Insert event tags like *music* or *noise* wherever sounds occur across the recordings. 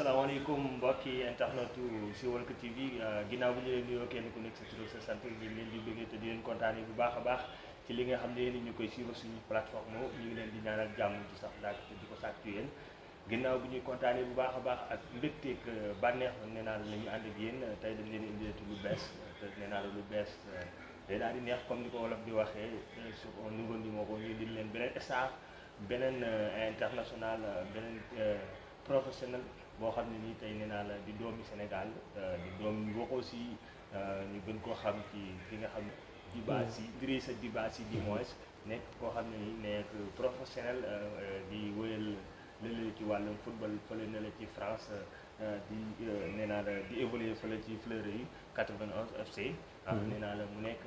asalaamaaleykum mbokki internet Siweulko TV uh, ginaaw bi ñu leen nuyoo kenn ku nekk ci tour uh, sa sant di leen di bëggee te di leen kontaanee bu baaxa baax ci li nga xamné ni ñu koy suivre suñu plateforme ñu ngi leen di ñaanal jamm ci sax ndax di ko sàkku yeen ginaaw bi ñuy kontaanee bu baaxa baax ak mbékté bànneex banex naa la ñu and ak yeen tay dañ leen indileetu lu bess te nee naa la lu bess day daal di neex comme niko wolof di waxee sur un nouveau numéro ñu di leen benen star beneen international uh, benen professionnel boo xam ne nii tey nee naa la di doomi Sénégal euh, di doom wax aussi euh, ñu gën koo xam ci ki nga xam Dibassy mm. Idrissa Dibassy di moins nekk koo xam ne nii nekk professionnel euh, di wéyal lële ci wàllum football fële ne la ci France di nee naa la di évoluer fële ci Fleury 91 FC ah mm. nee naa la mu nekk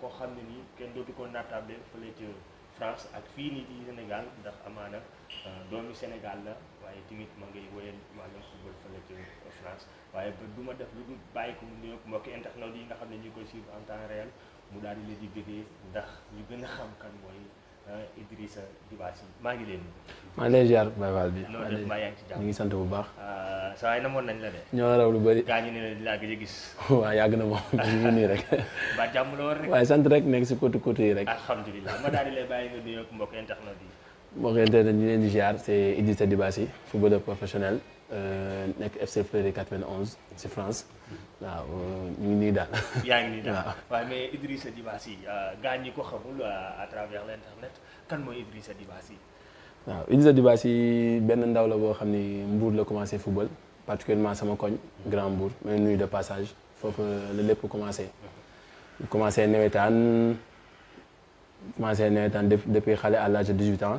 koo xam ne nii kenn dootu ko nattable fële ci France ak fii nii ci Sénégal ndax amaana doomi Sénégal la waaye tamit ma ngay wéyal wàllum football fële ca France waaye ba du ma def lu dul bàyyi ko mu nuyoog mbokki internautes yi nga xam ne ñu koy suivre en temps mu daal di leen di bëggee ndax ñu gën a xam kan mooy euh, Idrissa si maa ngi leen maa ngi lay ziar Baye Fall bi ñu ngi sant bu baax euh, saa yi moon nañ la de ñoo raw lu bari gaa ñu ne la laa gi ci gis *laughs* waaw yàgg na moom ñu *laughs* nii rek ba jàmm la war rek waaye sant rek nekk si côté côté yi rek alhamdulilah ma daal di lay bàyyi nga nuyoog mbokk internet ñu leen ziar c'est Idrissa Dibassy footballeur professionnel euh, nekk FC Fleury 91 c'est France waaw ñu ngi nii daal. *laughs* yaa ngi nii daal mais Idrissa Dibassi, euh, gaañ ñi ko xamul euh, à travers l'internet kan mooy Idrissa Dibassi waaw Idrissa Dibassi, ben ndaw la boo xam ni Mbour la commencé football particulièrement sama koñ Grand Mbour mais nuyu de passage le la lépp commencé. Mhm. commencé nawetaan commencé nawetaan depuis xale à l'âge de 18 ans.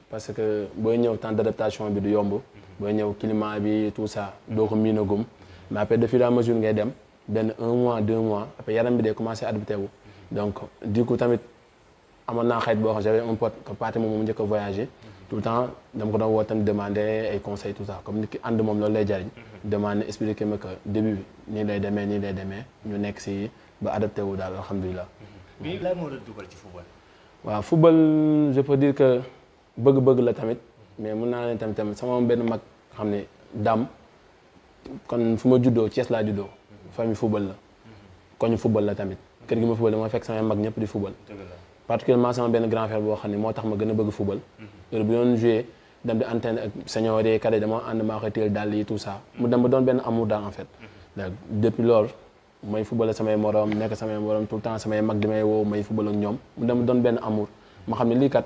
parce que boy ñëw temps d'adaptation bi du yomb boy ñëw climat bi tout ça do ko miinagum mais après de fur et mesure ngay dem benn un mois deux mois après yaram bi dé commencé adapté wu donc du coup tamit amoon naa xayit boo xam j'avais un pote que parti mom mu njëkk voyager, tout le temps dama ko do woo tamit demandé ay conseils tout ça comme nit and mom moom lay jariñ demander expliquer ma que début ni lay démé ni lay démé ñu nekk ci ba adapté wu dal alhamdoulillah mais lan mo la dougal ci football. wa football je peux dire que bëgg-bëgg la tamit mais mun naa leen tamit tamit sama benn mag xam ne dam kon fu ma juddoo Thiès laa juddoo famille football la koñu football la tamit kër gi ma football dama fekk sama mag ñëpp di football particulièrement sama benn grand frère boo xam ne moo tax ma gën a bëgg football mhm. heure bu yoon joué dem di antenne ak senior yi kare dama ànd maa koy téel dàll yi tout ça mu dem ba doon benn amour daal en fait mhm. depuis loolu may football samay morom nekk samay morom tout le temps samay mag di may woo may football ak ñoom mu dem ba doon benn amour ma xam ne lii kat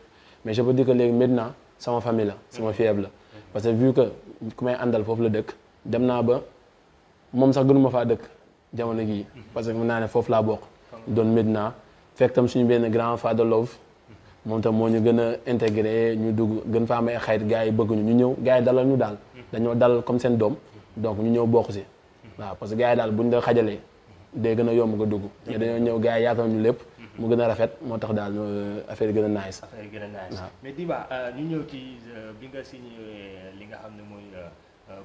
mais je peux dire que maintenant, c'est ma famille c'est ma fièvre parce que vu que je suis un le qui a dem ba mom sax gënuma fa dëkk jamono mhm. parce que nous la bok don medina fait tam suñu benn grand de Love mom mhm. tam moo ñu gën intégré ñu dugg gën fa qui nous xayit bëgg ñu ñëw gaay ñu mhm. comme sen dom, donc ñu ñëw parce que buñ yomb ñëw mu gën a rafet moo tax daal euh, affaire yi gën a nice. affaire yi gën a nice mais Diba euh, ñu ñëw ci euh, bi nga signé li nga xam ne mooy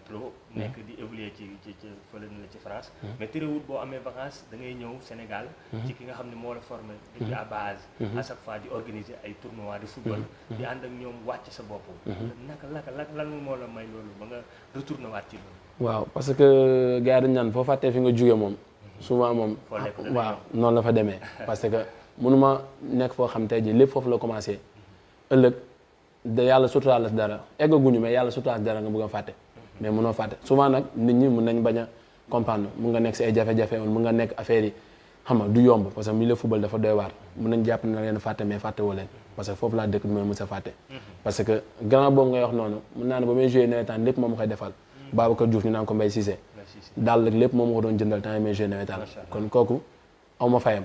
pro. Hmm. nekk di évoluer ci ci ci fële na la ci France. Hmm. mais terewul boo amee vacances da ngay ñëw Sénégal. Hmm. ci ki nga xam ne moo la formé. depuis à base. à chaque fois di organiser ay tournois de football. di ànd ak ñoom wàcc sa bopp. naka naka lan lan moo la may loolu ba nga retourné waat ci loolu. waaw parce que gars yi dañu naan foo fàttee fi nga jóge moom. souvent moom ah, waaw noonu la fa demee *laughs* parce mënuma nekk foo xam tey jii lépp foofu la commencé ëllëg da yàlla suturaal la dara a fàtte mais mënoo fàtte souvent mun a comprendre mun nga nga nekk affaire yi xam nga du yomb parce que milieu football na leen fàtte mm-hmm. naa ne ba may joué nawetaan lépp moom koy defal mm-hmm. Babacar Diouf ñu naan ko Mbaye Cissé daal lépp moom ko doon jëndal temps may joué nawetaan kon kooku aw fayam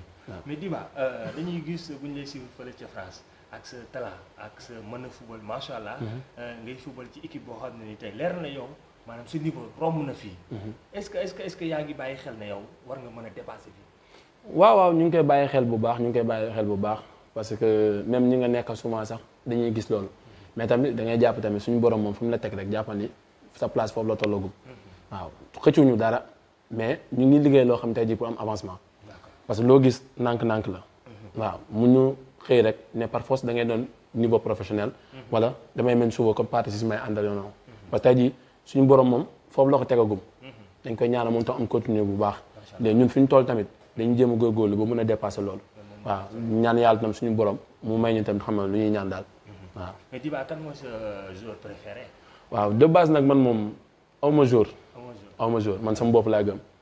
mais dis-moi, euh, gis que que lay suivre en France avec ce talent avec ce de football Machallah, les mhm. euh, ngay équipe niveau mhm. est-ce que est-ce que est-ce que a dépasser fii. waaw waaw ñu ngi koy nous xel bu baax ñu parce que même si nous souvent sax dañuy gis ça. Mhm. mais tamit as ngay tamit suñu sa place foofu la mais nous, ngi liggéey Mais avancement. parce que loo gis nànk-nànk la. waaw mu ñu xëy rek ne par force da ngay doon niveau professionnel. wala damay mel suba comme partie si may àndal tey jii suñu borom moom foofu la ko tegagum. dañ koy ñaanal moom tam am bu baax. léegi ñu toll tamit dañu jéem a góorgóorlu ba mën a dépasser waaw ñaan yàlla tam suñu borom mu may ñu xam nga lu ñuy ñaan daal mhm. waaw. Euh, waaw base nag man moom aw ma jour. man sama bopp laa gëm.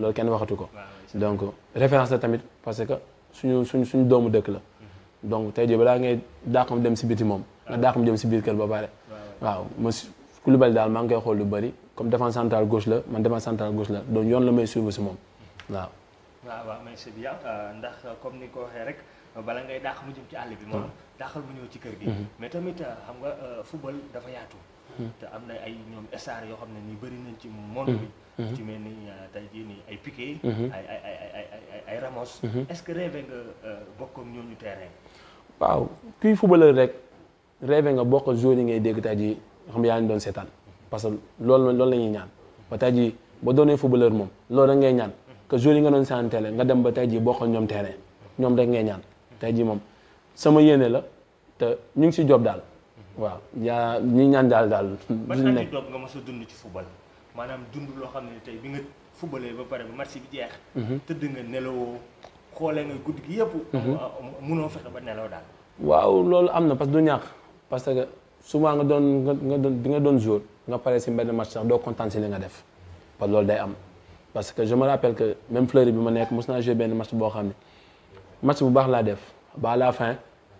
loolu kenn waxatu ko donc référence la tamit parce que suñu suñu suñu doomu la donc tey ngay dem si biti si biir que monsieur koy comme défense centrale gauche la défense centrale gauche donc la may suivre mais c'est bien euh, ndax comme ni ko rek bala ngay ci bi ci mais tamit euh, xam nga euh, football dafa te am na ay ñoom star yoo xam ne nii bëri nañ ci monde bi. Mm-hmm. Mm-hmm. ci mel ni euh, tey jii nii ay Piqué. Mm-hmm. ay ay Ramos. est-ce que rêvé nga euh, bokk ak terrain. waaw kuy footballeur rek rêvé nga bokk ak yi ngay dégg tey jii xam yaa ngi doon seetaan parce que loolu loolu la ñuy ñaan ba tey jii ba doonee footballeur moom loolu rek ngay ñaan que joueur yi nga doon seetaan terrain nga dem ba tey jii bokk ak ñoom terrain ñoom rek ngay ñaan tey jii moom sama yéene la te ñu ngi si job daal. waaw ñaa ñi ñaan daal daal. duñ nekk ban nga mos a dund ci football maanaam dund loo xam ne tey bi nga footballee ba pare ba match bi jeex. Mhm. tëdd nga nelawoo xoolee nga guddi gi yëpp. Mhm. munoo fexe ba nelaw daal. waaw loolu am na parce que du ñàkk parce que souvent nga doon nga doon bi nga doon jour nga pare si mbenn match sax doo kontaan li nga def parce loolu day am parce que ma me rappelle que même Fleury bi ma nekk mos naa joué benn match boo xam ne match bu baax laa def ba à la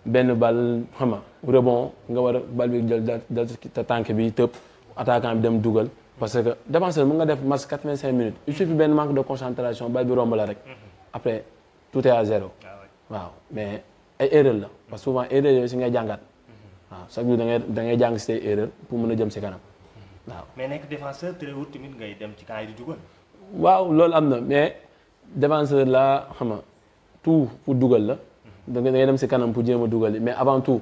benn bal xama rebond nga war a bal bi jël dal ta tànk bi tëb attaquant bi dem dougal parce que défenseur mën nga def match 85 minutes il suffit ben manque de concentration bal bi romb la rek mm-hmm. après tout est à zéro ah waaw mais ay erreur la parce que souvent erreur yooyu si ngay jangat mm-hmm. waaw chaque jour da ngay da ngay jàng si erreur pour mën a jëm si kanam mm-hmm. waaw. mais nek défenseur très terewul tamit ngay dem ci camp yi di dougal waaw loolu amna mais défenseur laa xama tout pour dougal la da ngay dem si kanam pour jéem dougal mais avant tout.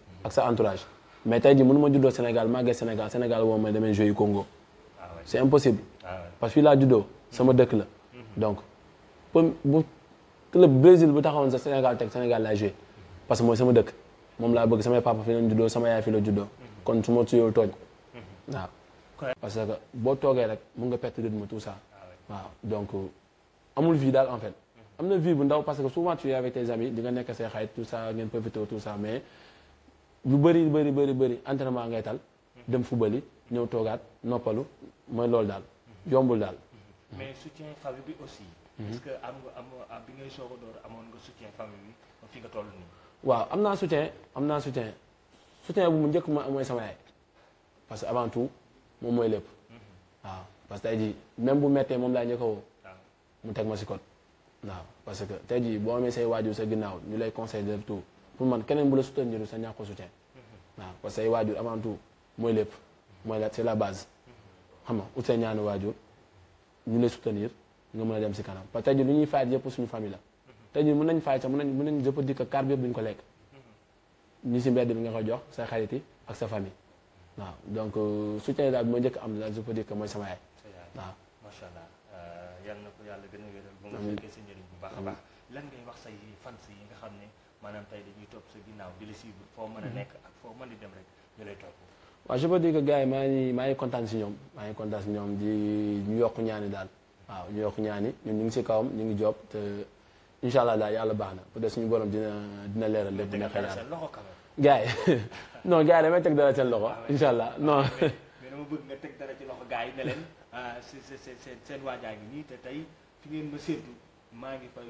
avec sa entourage mais tey jii mënu ma juddoo Sénégal màggee Sénégal Sénégal woo ma demee jouer Congo ah c'est impossible ah parce que là judo c'est sama dëkk là donc bu le Brésil bu taxawoon sa Sénégal teg Sénégal laa jouer parce que moi, sama dëkk moom laa bëgg samay papa fi judo juddoo sama yaay fi la juddoo tu su ma tuyoo tooñ waaw parce que boo tu rek mun nga perte de tout ça ah waaw donc amul vie daal en fait am na vie bu ndaw parce que souvent tu es avec tes amis di nga nekk say xarit tout ça ngeen profité tout ça mais lu bëri bëri bëri bëri entraînement ngay tal dem fu fubali ñëw toogaat noppalu mooy loolu daal yombul daal. Mm-hmm. mais soutien famille bi aussi. Mm-hmm. est-ce que nga am a door amoon nii. waaw am naa soutien am naa soutien soutien bu mu njëkk ma mooy sama yaay parce que avant tout moom mooy lépp. Mm-hmm. waaw parce que tey jii même bu mettee moom laa njëkk a woo ah. mu teg ma si code. waaw parce que tey jii boo amee say waajur sa ginnaaw ñu lay conseil de tout. pour man keneen bu la soutenir sa ñàkk soutien waaw parce que ay waajur avant tout mooy lépp mooy la c'est la base xam nga ut sa ñaanu waajur ñu lay soutenir nga mën a dem si kanam parce que tey jii lu ñuy fayat yëpp suñu famille la tey jii mën nañ fayat sax si mbedd bi nga ko jox sa xarit yi ak sa famille waaw donc euh, soutien yi daal bi ma njëkk am daal je peux dire que mooy sama yaay waaw macha allah euh, yal na ko yàlla gën a wéral a mm-hmm. maanaam tey dañuy topp sa ginnaaw di la suivre foo mën a mhm. nekk ak foo mën di dem rek ñu lay topp. waaw je peux yi maa ngi maa ngi kontaan si ñoom maa ngi kontaan si ñoom di ñu yokk ñaani daal waaw ñu yokk ñaani ñun ñu ngi si kawam ñu ngi job te incha allah daal yàlla baax na peut être suñu borom dina dina leeral lépp. dina xëy na gars yi *laughs* non gars yi damay teg dara seen loxo ah, incha allah ah, non. *laughs* dama bëgg nga teg dara ci loxo gars yi ne leen ah, seen seen seen waajaa ngi nii te tey fi ngi fay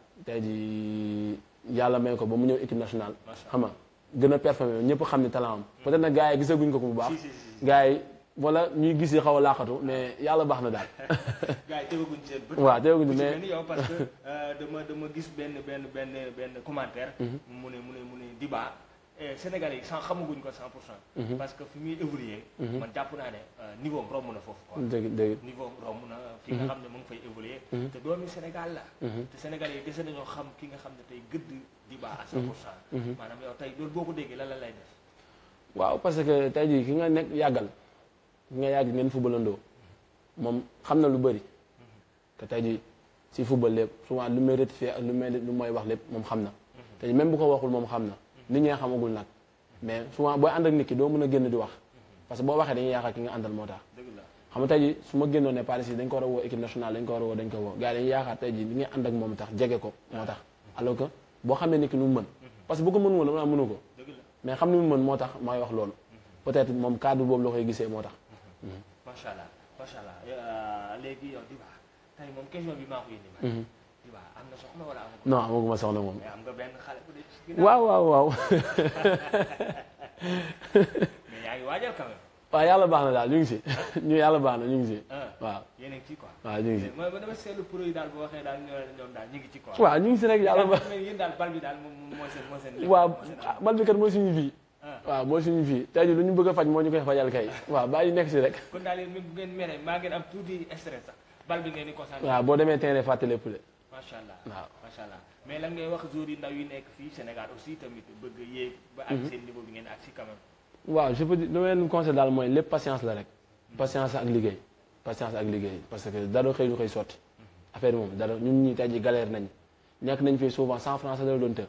tey jii yàlla may ko ba mu ñëw équipe nationale xam nga gën a performé ñëpp xam ni talent am hmm. peut-être nag gars yi gisaguñ ko ko bu baax gars yi wala ñuy gis yi xaw a laaxatu mais yàlla baax na daal. *laughs* gars yi teewaguñ ci bët. waaw teewaguñ mais ku yow parce euh, dama dama gis benn benn benn benn commentaire. Mhm. mu ne mu ne mu Euh, Sénégalais yi sans xamaguñ ko 100 pour cent. Mhm. parce que fi muy évoluer. Mhm. man jàpp naa ne euh, niveau am romb na foofu quoi. dëgg niveau mhm. mu Sénégal la. te Sénégalais yi dese nañoo xam ki nga xam ne tey gëdd di baax à 100 pour cent. maanaam yow tey loolu boo ko déggee lan la lay def. waaw parce que tey jii ki nga nekk yàggal ki nga yàgg ngeen fubalandoo moom xam na lu bëri te tey jii si fubal lépp souvent lu may rectifier ak lu may lu mooy wax lépp moom xam na. te même bu nit ñee xamagul nag mais souvent booy ànd ak nit ki doo mën a génn di wax parce que boo waxee dañuy yaakaar ki nga àndal moo tax xam nga tey jii su ma génnoon ne Paris yi dañ ko war a woo équipe nationale dañ ko war a woo dañ ko woo gars yi dañuy yaakaar tey jii ngay ànd ak moom tax jege ko moo tax alors que boo xamee nit ki lu mu mën parce que bu ko mën dama mënu ko mais xam ni mu mën moo tax may wax loolu peut-être moom cadre boobu la koy gisee Não, amaguma soxna o waaw waaw waaw waaw yàlla baax na da ñu Não si ñu yàlla baax na ñu ngi si waaw waaw ñu ngi si waaw ñu ngi si rek yàlla baax waaw bal bi kat mooy suñu vie waaw mooy suñu vie tey jii lu ñu bëgg a faj moo ñu koy fajal kay waaw bàyyi nekk si rek waaw boo demee terrain fàtte lépp de macha allah waaw macha allah mais lan ngay wax joueurs yi ndaw yi nekk fii Sénégal mhm. conseil daal mooy lépp patience la rek patience ak liggéey parce que dara xëy du xëy mhm. moom dara ñun ñi tey ji galère nañ nekk nañ fii souvent cent francs dala doon të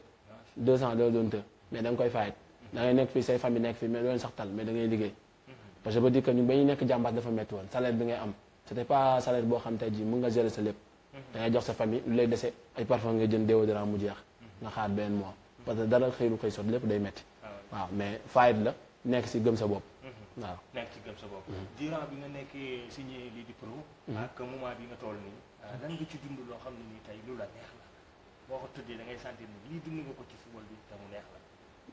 deux cent dala doon të koy fayet da nekk fii say famille nekk fii mais loolu sax liggéey mhm. parce que je veux dire ba ñuy nekk jàmbaas dafa métti woon salaire bi ngay am c'était pas salaire boo xam tey ji mën nga gérer sa lépp dangay jox sa famille lu lay dese ay parfum nga jënd déodorant mu jeex nga xaar benn mois parce que dara xëy lu xëy sot lépp day metti ah waaw mais faayit la nekk si gëm sa bopp mhm. waaw nekk ci gëm sa bopp mhm. durant bi nga nekkee signé lii di pro mhm. ak moment bi nga nii ah, loo xam ne nii tey lu la neex la boo ko tuddee da ngay sentir ni lii dund nga ko ci football bi te neex la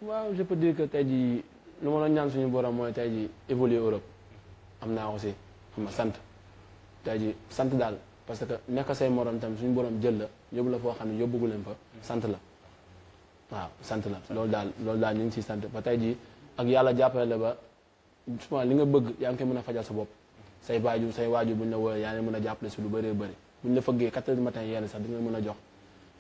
waaw je peux que tey lu ma doon ñaan suñu borom mooy tey jii évoluer Europe am naa aussi xam nga sant tey sant daal parce que nekk say morom tam suñu borom jël la yóbbu la foo xam ne yóbbugu leen fa sant la waaw sant la loolu daal loolu daal ñu ngi ciy sant ba tey jii ak yàlla jàppale la ba souvent li nga bëgg yaa ngi koy mën a fajal sa bopp say waajur say waajur buñ la wooyee yaa ngi mën a jàppale si lu bëree bëri buñ la fëggee quatre matin yenn sax di mën a jox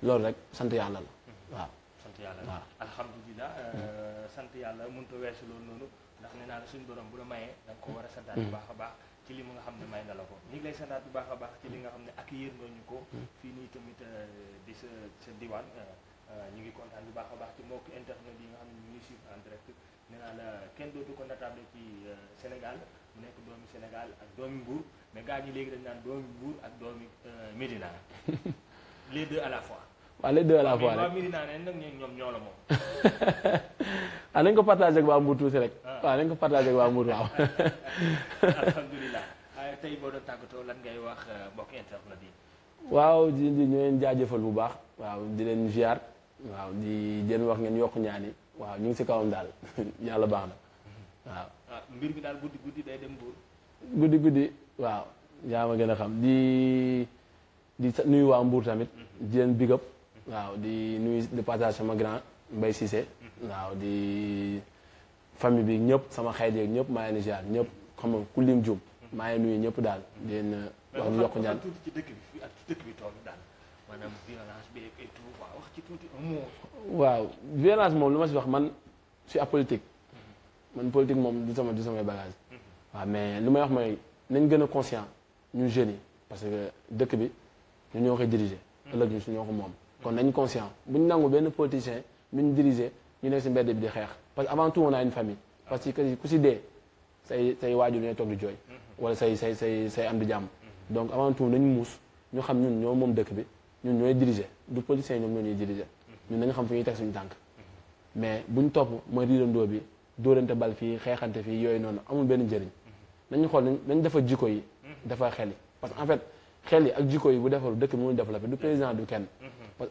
loolu rek sant yàlla la waaw sant yàlla la alhamdulilah euh, sant yàlla mënut a loolu noonu ndax nee naa la borom bu la ko war a santaat bu baax a baax ci li mu nga xam ne may nga la ko ñu ngi lay santaat bu baax a baax ci li nga xam ne accueillir nga ñu ko hmm. fii nii tamit euh, di sa diwaan euh, euh, ñu ngi kontaan bu baax a baax ci mbokk internet yi nga xam ne ñu ngi suivre en direct nee naa la kenn dootu ko natable ci Sénégal mu nekk doomi Sénégal ak doomi Mbour mais gaa ñi léegi dañ naan doomi Mbour ak doomi Médina *laughs* les deux à la fois waaw les deux à la fois rek ne nag ñoom ñoo la moom *laughs* ah ko partagé ak waa Mbour tuuti rek. waaw ko partagé ak waa Mbour waaw. alhamdulilah ah, wax euh, mbokk waaw di di ñu leen jaajëfal bu baax. waaw di leen ziar. waaw di leen wax ngeen yokk ñaan yi. waaw ñu ngi si kawam daal *laughs* yàlla baax na waaw. Ah, mbir mi daal guddi guddi waaw yaa gën a xam di di nuyu waa Mbour tamit. Mhm. di leen big up. waaw di nuyu di partage sama grand. mais Cissé. waaw di famille bi ñëpp sama xarit ñëpp ñëpp xam ñëpp et tout wax ci waaw violence wax politique moom du sama du sama bagage mhm. mais lu may wax mooy nañ gën a conscient ñu parce que dëkk bi ñun ñoo diriger. Mhm. ëllëg ñu si ñoo ko kon conscient buñ nangu politicien. ñu diriger ñu nekk si mbedd bi di xeex parce que avant a une famille. parce que ku si dee say say waajur ñooy toog di jooy. wala say say am di jàmm. donc avant nañ muus ñu xam ñun ñoo moom dëkk bi ñun ñooy diriger du politicien ñoom ñoo ñuy diriger. ñun nañu xam fu ñuy teg suñu tànk. mais buñ topp mooy riirandoo bi dóorante bal fii xeexante fii yooyu noonu amul benn njëriñ. nañu xool nañ defar jikko yi. defar xel yi en fait xel yi ak jikko yi bu defaru dëkk bi mënul développé du président du kenn. parce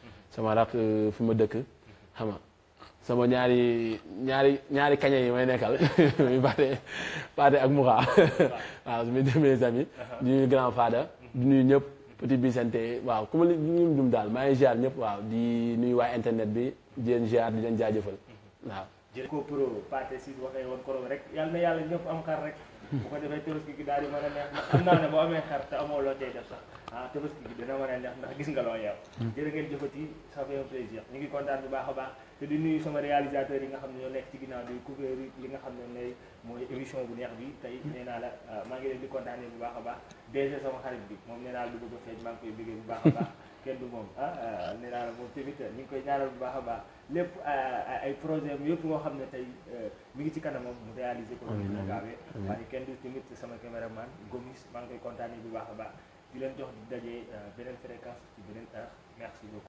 sama rakk euh, fi ma dëkk xam nga sama ñaari ñaari ñaari kañe yi may nekkal mi paate paate ak muxa *laughs* waaw mi mes amis uh-huh. di ñuy grand fada di ñuy ñëpp petit bisante waaw ku li ñum dum daal maa ngi ziar ñëpp waaw di nuyu waa internet bi di leen ziar di leen jaajëfal uh-huh. bu ko defee tabaski gi daal di mën a neex ndax xam naa ne boo amee xar te amoo loo cay def sax ah tabaski gi dina mën a neex ndax gis nga loo yeew jërë ngeen jëfati ça fait un plaisir ngi kontaan baax a baax te nuyu sama yi nga xam ne ñoo nekk ci ginnaaw di li nga xam ne nay mooy émission bu neex bi tey nee naa la maa ngi leen di kontaanee bu baax a baax déjà sama xarit bi moom nee naa lu bëgg a feeñ maa ngi koy bëggee bu baax a baax kenn du moom ah, ah nee naa la moom tamit ñu ngi koy ñaanal bu baax a baax lépp ah, ah, ay projet am yëpp woo xam ne tey euh, mu ngi ci kanamam mu réaliser ko ñu na gaawee waaye kenn du tamit sama Gomis maa ngi koy kontaane bu baax a baax di leen jox di dajee euh, beneen fréquence ci beneen heure merci beaucoup